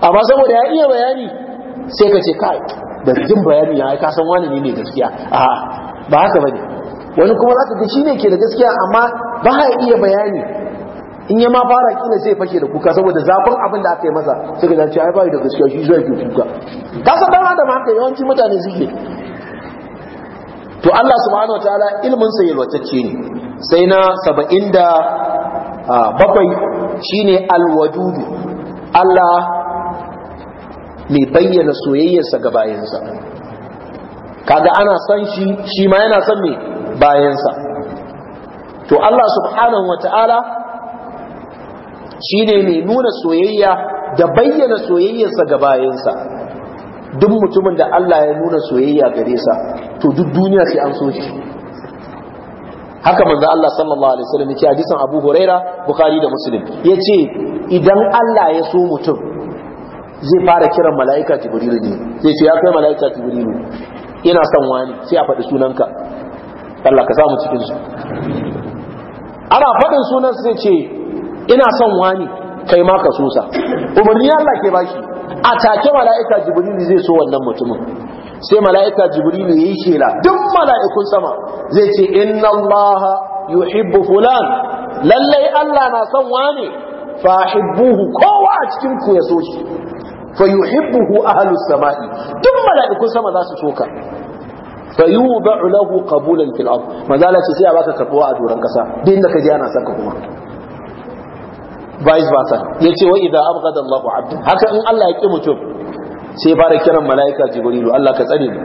amma saboda ya iya bayani sai ka ce kai da jin bayani ya ka san wani ne mai gaskiya a ba haka bane wani kuma zaka ga ne ke da gaskiya amma ba ya iya bayani in ya ma fara kila sai fashe da kuka saboda zafin abin da aka yi masa sai ka zance ai bai da gaskiya shi zai yi kuka ka san dan adam haka yawanci mutane suke to Allah subhanahu wataala ilmin sa yalwatacce ne sai na da bakwai shine alwadud Allah mai bayyana soyayyarsa ga bayansa kaga ana san shi shi ma yana son me bayansa to Allah subhanahu wataala Shi ne mai nuna soyayya da bayyana soyayyarsa ga bayansa duk mutumin da Allah ya nuna soyayya gare sa to duk duniya sai an so shi haka manzo Allah sallallahu alaihi wasallam yace hadisin Abu Huraira Bukhari da Muslim yace idan Allah ya so mutum zai fara kiran mala'ika Jibril ne sai ce ya kai mala'ika Jibril ina son wani sai a faɗi sunanka Allah ka samu cikin su ana faɗin sunan sai ce ina son wani kai ma ka so umarni Allah ke bashi a take mala'ika Jibrilu zai so wannan mutumin sai mala'ika jibril yayi shela duk mala'ikun sama zai ce inna Allah yuhibbu fulan lallai Allah na son wani fahibbuhu kowa a cikin ku ya so shi fa yuhibbuhu ahlus sama'i duk mala'ikun sama za su so ka fayuba lahu qabulan fil ard mazala sai a baka karbuwa a duran kasa din da ka ji ana saka kuma vice versa ce wa idza abghada Allahu abdu, haka in Allah ya ki mutum sai fara kiran malaika jibrilu Allah ka tsare mu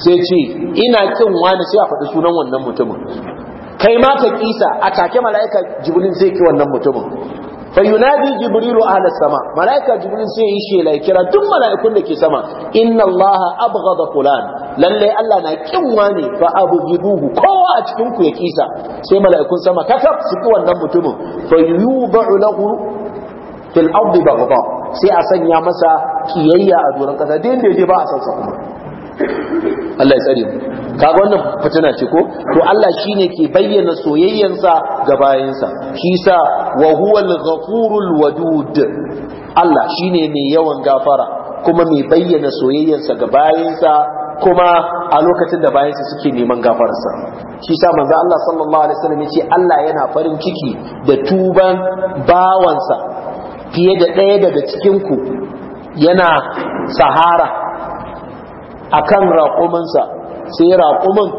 sai ce ina kin wani sai a faɗi sunan wannan mutumin kai ma ka kisa a take malaika jibrilu zai ki wannan mutumin fayunadi jibrilu ahla sama malaika jibril sai yi shela kira duk malaikun da ke sama inna allaha abghada fulan lalle allah na kin wani fa abghiduhu kowa a cikin ku ya kisa sai malaikun sama kakaf su ki wannan mutumin fa yuba'u lahu fil ardi baghda sai a sanya masa kiyayya a doron kasa dai dai ba a san sa kuma Allah ya tsare mu kaga wannan fitina ce ko to Allah shine ke bayyana soyayyansa ga bayansa shi sa wa huwal ghafurul wadud Allah shine mai yawan gafara kuma mai bayyana soyayyansa ga bayansa kuma a lokacin da bayansa suke neman gafararsa shi sa manzo Allah sallallahu alaihi wasallam yace Allah yana farin ciki da tuban bawansa fiye da ɗaya daga cikin ku yana sahara akan raƙumansa sai raƙumin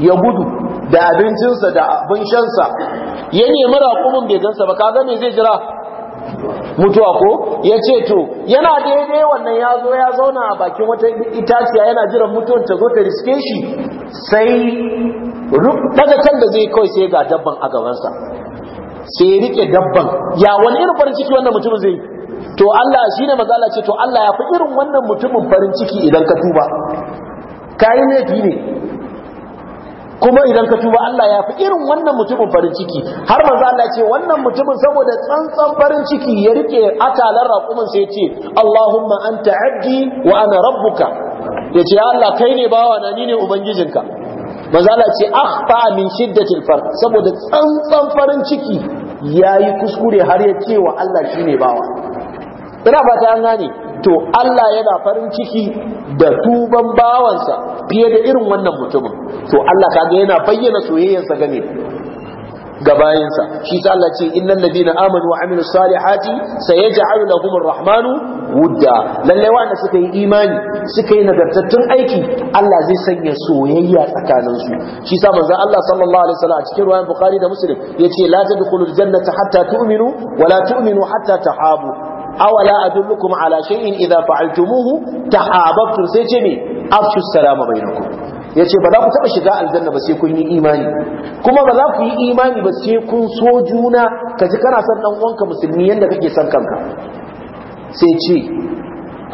ya gudu da abincinsa da abin shansa ya nemi raƙumin bai gansa ba kaga mai zai jira mutuwa ko ya ce to yana daidai wannan ya zo ya zauna a bakin wata itaciya yana jiran mutuwan ta zo ta riske shi sai daga can da zai kawai sai ga dabban a gabansa sai rike dabban ya wani irin farin ciki wannan mutum zai to Allah shi ne mazala ce to Allah ya fi irin wannan mutumin farin ciki idan ka tuba kayi laifi ne kuma idan ka tuba Allah ya fi irin wannan mutumin farin ciki har manzo Allah ce wannan mutumin saboda tsantsan farin ciki ya rike akalar raƙumin sai ce Allahumma anta abdi wa ana rabbuka yace Allah kai ne bawa na ni ne ubangijinka manzo Allah ce akhfa min shiddatil farq saboda tsantsan farin ciki yayi kuskure har ya ce wa Allah shine bawa ina ba an gane to Allah yana farin ciki da tuban bawansa fiye da irin wannan mutumin to Allah kaga yana bayyana soyayyarsa game ga bayansa shi ta Allah ce innal ladina amanu wa amilus salihati sayaj'alu lahum arrahmanu wudda lalle wanda suka yi imani suka yi nagartattun aiki Allah zai sanya soyayya tsakanin su shi sa Allah sallallahu alaihi wasallam a cikin ruwayan Bukhari da Muslim yace la tadkhulul jannata hatta tu'minu wa la tu'minu hatta tahabu awala adullukum ala shay'in idza fa'altumuhu tahabbtum sai ce me afshu salama bainakum yace ba za ku taba shiga aljanna ba sai kun yi imani kuma ba za ku yi imani ba sai kun so juna kaji kana son dan uwanka musulmi yanda kake son kanka sai ce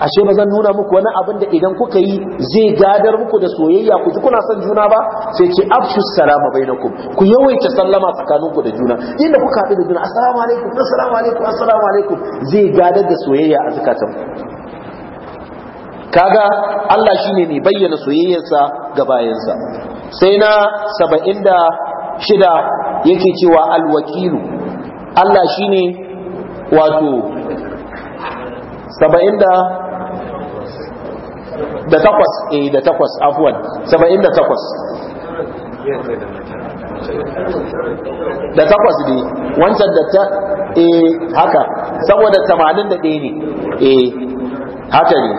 ashe ba zan nuna muku wani abin da idan kuka yi zai gadar muku da soyayya ku ji kuna son juna ba sai ce afshu salama bainakum ku yawaita sallama tsakaninku da juna inda kuka haɗu da juna assalamu alaikum assalamu alaikum assalamu alaikum zai gadar da soyayya a zakatanku kaga Allah shine mai bayyana soyayyarsa ga bayansa sai na 76 yake cewa alwakilu Allah shine wato 70 da takwas eh da takwas afwan saba'in da takwas da takwas ne wancan da ta eh haka saboda tamanin da ɗaya ne eh haka ne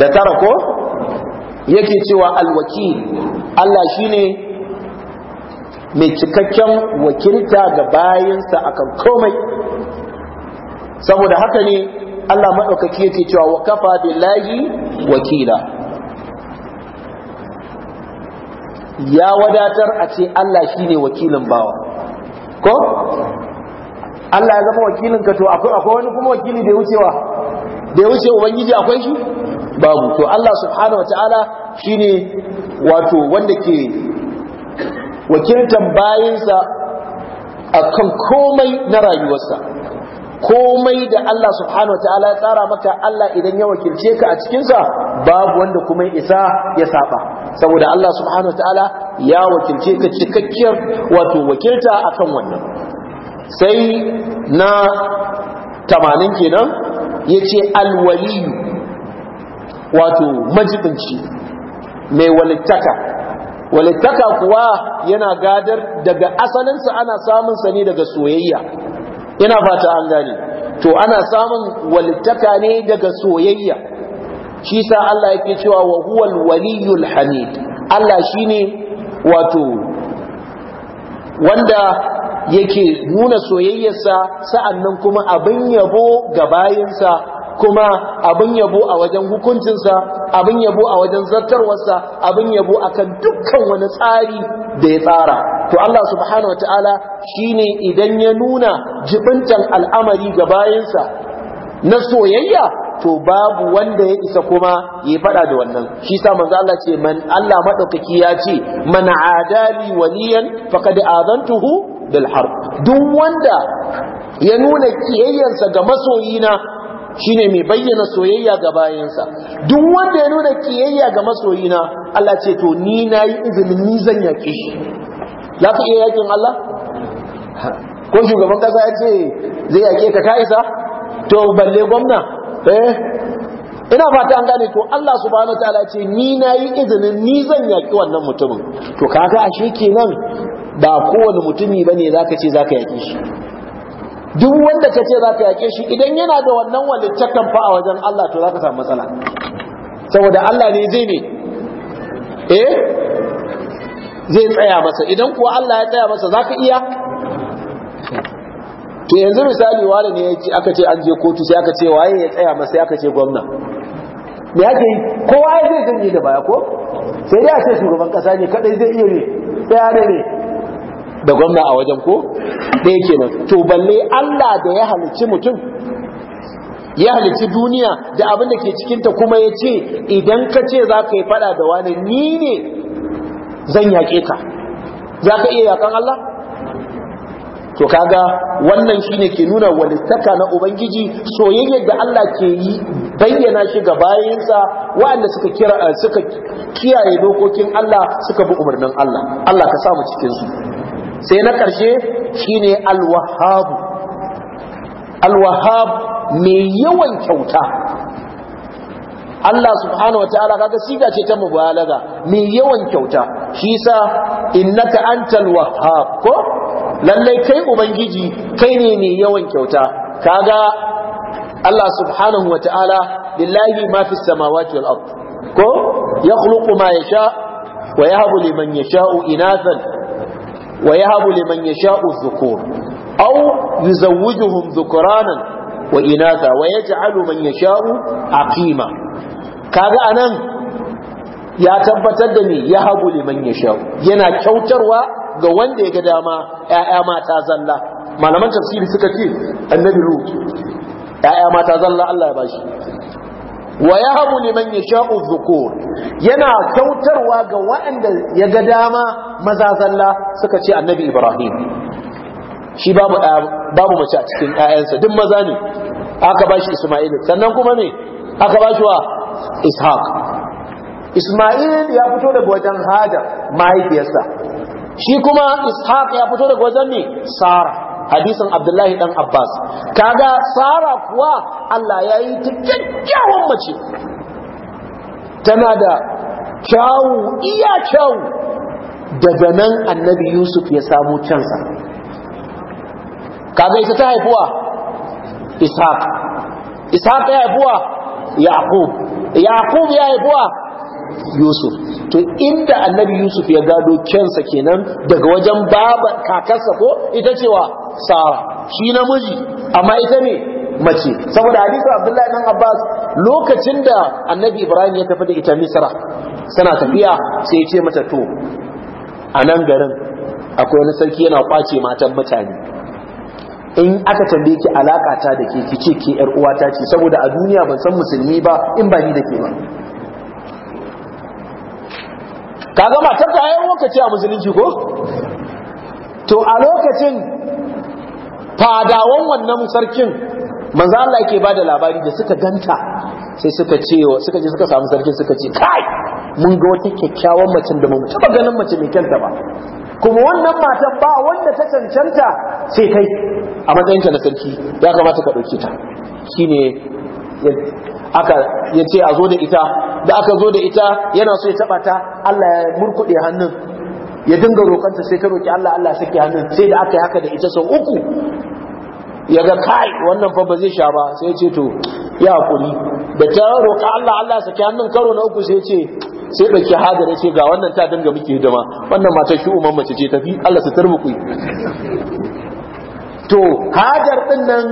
da tara ko yake cewa alwakil Allah shine mai cikakken wakilta ga bayansa akan komai saboda haka ne Allah maɗaukaki yake cewa wa kafa billahi wakila ya wadatar a ce Allah shine wakilin bawa ko Allah ya zama wakilin ka to akwai wani kuma wakili da ya wucewa da ya wuce ubangiji akwai shi babu to Allah subhanahu wataala shine wato wanda ke wakiltan bayinsa akan komai na rayuwarsa komai da Allah subhanahu wa ta'ala ya tsara maka Allah idan ya wakilce ka a cikinsa babu wanda kuma isa ya saba saboda Allah subhanahu wa ta'ala ya wakilce ka cikakkiyar wato wakilta akan wannan sai na tamanin kenan ya ce alwaliyu wato majibinci mai walittaka walittaka kuwa yana gadar daga asalinsa ana samun sa ne daga soyayya ina fata an gane to ana samun walittaka ne daga soyayya shi sa Allah yake cewa wa huwal waliyul hamid Allah shine wato wanda yake nuna soyayyarsa sa'annan kuma abin yabo ga bayinsa kuma abin yabo a wajen hukuncinsa abin yabo a wajen zartarwarsa abin yabo akan dukkan wani tsari da ya tsara to Allah subhanahu wataala shine idan ya nuna jibintan al'amari ga bayansa na soyayya to babu wanda ya isa kuma ya fada da wannan shi sa manzo Allah ce man Allah madaukaki ya ce man adali waliyan faqad adantuhu bil harb duk wanda ya nuna kiyayyansa ga masoyina shine mai bayyana soyayya ga bayansa duk wanda ya nuna kiyayya ga masoyina Allah ce to ni nayi izinin ni zan yake shi za ka iya yakin Allah ko shugaban kasa ya ce zai yake ka ka isa to balle gwamna eh ina fata an gane to Allah subhanahu ta'ala ce ni na yi izinin ni zan yaki wannan mutumin to kaga ashe kenan ba kowane mutumi bane ka ce za ka yaki shi duk wanda ka ce za ka yake shi idan yana da wannan walittakan fa a wajen Allah to za ka samu matsala saboda Allah ne zai ne eh zai tsaya masa idan kuwa Allah ya tsaya masa za ka iya to yanzu misali wani ne aka ce an je kotu sai aka ce waye ya tsaya masa sai aka ce gwamna me ake yi kowa ya zai janye da baya ko sai dai a ce shugaban kasa ne kadai zai iya ne tsaya da ne da gwamna a wajen ko ɗaya kenan to balle Allah da ya halicci mutum ya halicci duniya da abin da ke cikinta kuma ya ce idan ka ce za ka yi fada da wani ni ne zan yaƙe ka za ka iya yaƙan Allah to kaga wannan shine ke nuna walittaka na ubangiji soyayyar da Allah ke yi bayyana shi ga bayansa waɗanda suka kira eh, suka kiyaye dokokin Allah suka bi umarnin Allah Allah ka samu cikin su sai na ƙarshe shine al-wahhab al-wahhab mai yawan kyauta Allah subhanahu wataala kaga siga ce ta mubalaga mai yawan kyauta shi sa innaka antal wahhab ko lallai kai ubangiji kai ne mai yawan kyauta kaga Allah subhanahu wata'ala lillahi ma fi samawati wal ard ko yakhluqu ma yasha wa yahabu liman yasha'u inathan wa yahabu liman yasha'u dhukur aw yuzawwijuhum dhukranan wa inatha wa yaj'alu man yasha'u aqima kaga anan ya tabbatar da ni ya hagu liman ya sha yana kyautarwa ga wanda ya ga dama ƴaƴa mata zalla malaman tafsiri suka ce annabi ru ƴaƴa mata zalla Allah ya bashi wa ya hagu liman ya sha dhukur yana kyautarwa ga waɗanda ya ga dama maza zalla suka ce annabi Ibrahim shi babu babu mace a cikin ƴaƴansa duk maza ne aka bashi Isma'il sannan kuma ne aka bashi wa Ishaq Ismail ya fito daga wajen Hajar mahaifiyarsa shi kuma Ishaq ya fito daga wajen ne Sara hadisin Abdullahi dan Abbas kaga Sara kuwa Allah ya yi ta kyakkyawan mace tana da kyawu iya kyawu daga nan annabi Yusuf ya samu cansa kaga ita ta haifuwa Ishaq Ishaq ya haifuwa Yaqub Yaqub ya haifuwa yusuf to inda annabi yusuf ya gado kyansa kenan daga wajen baba kakarsa ko ita cewa sara shi namiji amma ita ne mace saboda hadisi abdullahi dan abbas lokacin da annabi ibrahim ya tafi da ita misra sana tafiya sai ya ce mata to a nan garin akwai wani sarki yana kwace matan mutane in aka tambaye ki alaka ta da ke ki ce ke yar ta ce saboda a duniya ban san musulmi ba in ba ni da ke ba ka matar ta ayar wanka ce a musulunci ko to a lokacin fadawan wannan sarkin manzo Allah ba da labari da suka ganta sai suka ce suka suka samu sarkin suka ce kai mun ga wata kyakkyawan mace da mun taba ganin mace mai kyanta ba kuma wannan matan ba wanda ta cancanta sai kai a matsayinta na sarki ya kamata ka ɗauke ta shine aka ya ce a zo da ita da aka zo da ita yana so ya taba ta Allah ya murkuɗe hannun ya dinga roƙanta sai ta roƙi Allah Allah sake hannun sai da aka yi haka da ita sau uku ya ga kai wannan fa ba zai sha ba sai ya ce to ya hakuri da ta roƙa Allah Allah sake hannun karo na uku sai ya ce sai ɗauki hadari ce ga wannan ta dinga muke hidima wannan mata shi umar mace ce tafi Allah su tarmuku to hajar din nan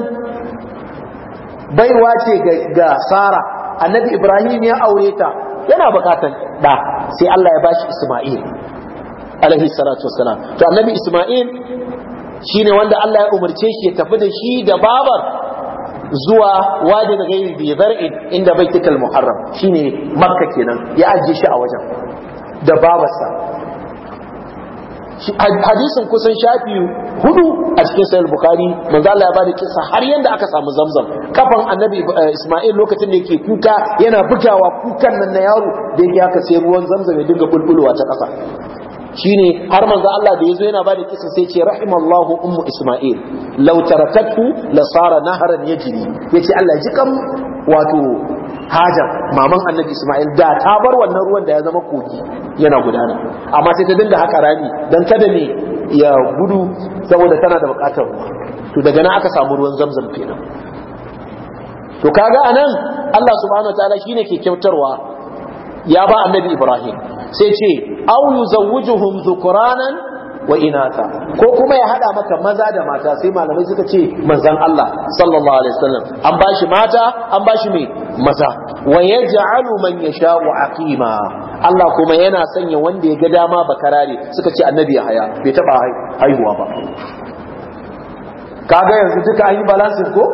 baiwa ce ga Sara annabi Ibrahim ya aure ta yana bukatar da sai Allah ya bashi Isma'il alaihi salatu wassalam to annabi Isma'il shine wanda Allah ya umarce shi ya tafi da shi da babar zuwa wadin ghairi bi zar'in inda baitikal muharram shine makka kenan ya ajiye shi a wajen da babarsa hadisin kusan shafi hudu a cikin sayar bukhari manzo Allah ya da kisa har yadda aka samu zamzam kafan annabi eh, isma'il lokacin da yake kuka yana bugawa kukan nan na yaro da yake aka sai ruwan zamzam ya dinga bulbulowa ta ƙasa. shine har manzo Allah da yazo yana bada kisa sai ce rahimallahu ummu isma'il law na la sara naharan yajri yace Allah ji kam wato haja maman annabi isma'il da ta bar wannan ruwan da ya zama kogi yana gudana amma sai ta dinga haka rami dan kada ne ya gudu saboda tana da bukatar to daga nan aka samu ruwan zamzam kenan to kaga anan Allah subhanahu wataala shine ke kyautarwa ya ba annabi Ibrahim sai ce au yuzawwijuhum dhukuranan wa inatha ko kuma ya hada maka maza da mata sai malamai suka ce manzon Allah sallallahu alaihi wasallam an bashi mata an bashi mai maza wa yaj'alu man yasha'u aqima Allah kuma yana sanya wanda ya ga dama bakarare suka ce annabi ya haya bai taba haihuwa ba kaga yanzu duka an yi balansin ko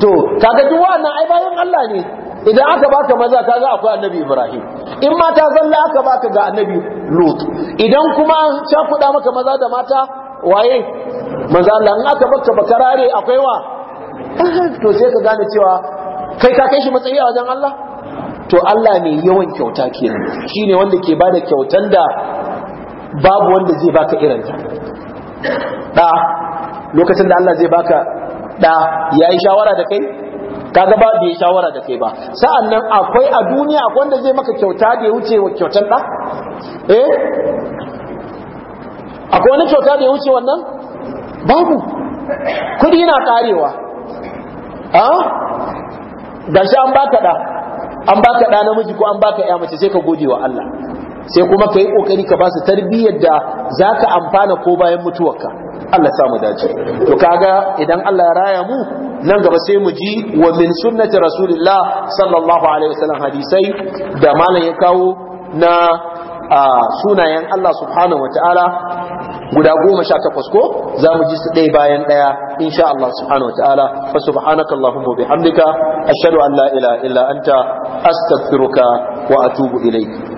to kaga duk wannan ai bayan Allah ne idan aka baka maza kaga akwai annabi ibrahim in mata zalla aka baka ga annabi lut idan kuma an kuda maka maza da mata waye maza Allah in aka baka bakarare akwai wa [laughs] to sai ka gane cewa kai ka kai shi matsayi a wajen Allah to Allah ne yawan kyauta kenan shine wanda ke bada kyautan da babu wanda zai baka irin ta da lokacin da Allah zai baka da yayi shawara da kai kaga ba bai shawara da kai ba sa'annan akwai a duniya akwai wanda zai maka kyauta da ya wuce wa kyautan da eh akwai wani kyauta da ya wuce wannan babu kudi na karewa a gashi an baka da an baka da namiji ko an baka ya mace sai ka gode wa Allah sai kuma ka yi kokari ka ba su tarbiyyar da zaka amfana ko bayan mutuwarka Allah samu dace to kaga idan Allah ya raya mu nan gaba sai mu ji wa min sunnati rasulillah sallallahu alaihi wasallam hadisai da malam ya kawo na sunayen Allah subhanahu wataala guda goma sha takwas ko za mu ji su ɗaya bayan ɗaya insha Allah subhanahu wataala fa subhanaka allahumma bihamdika ashhadu an la ilaha illa anta astaghfiruka wa atubu ilayk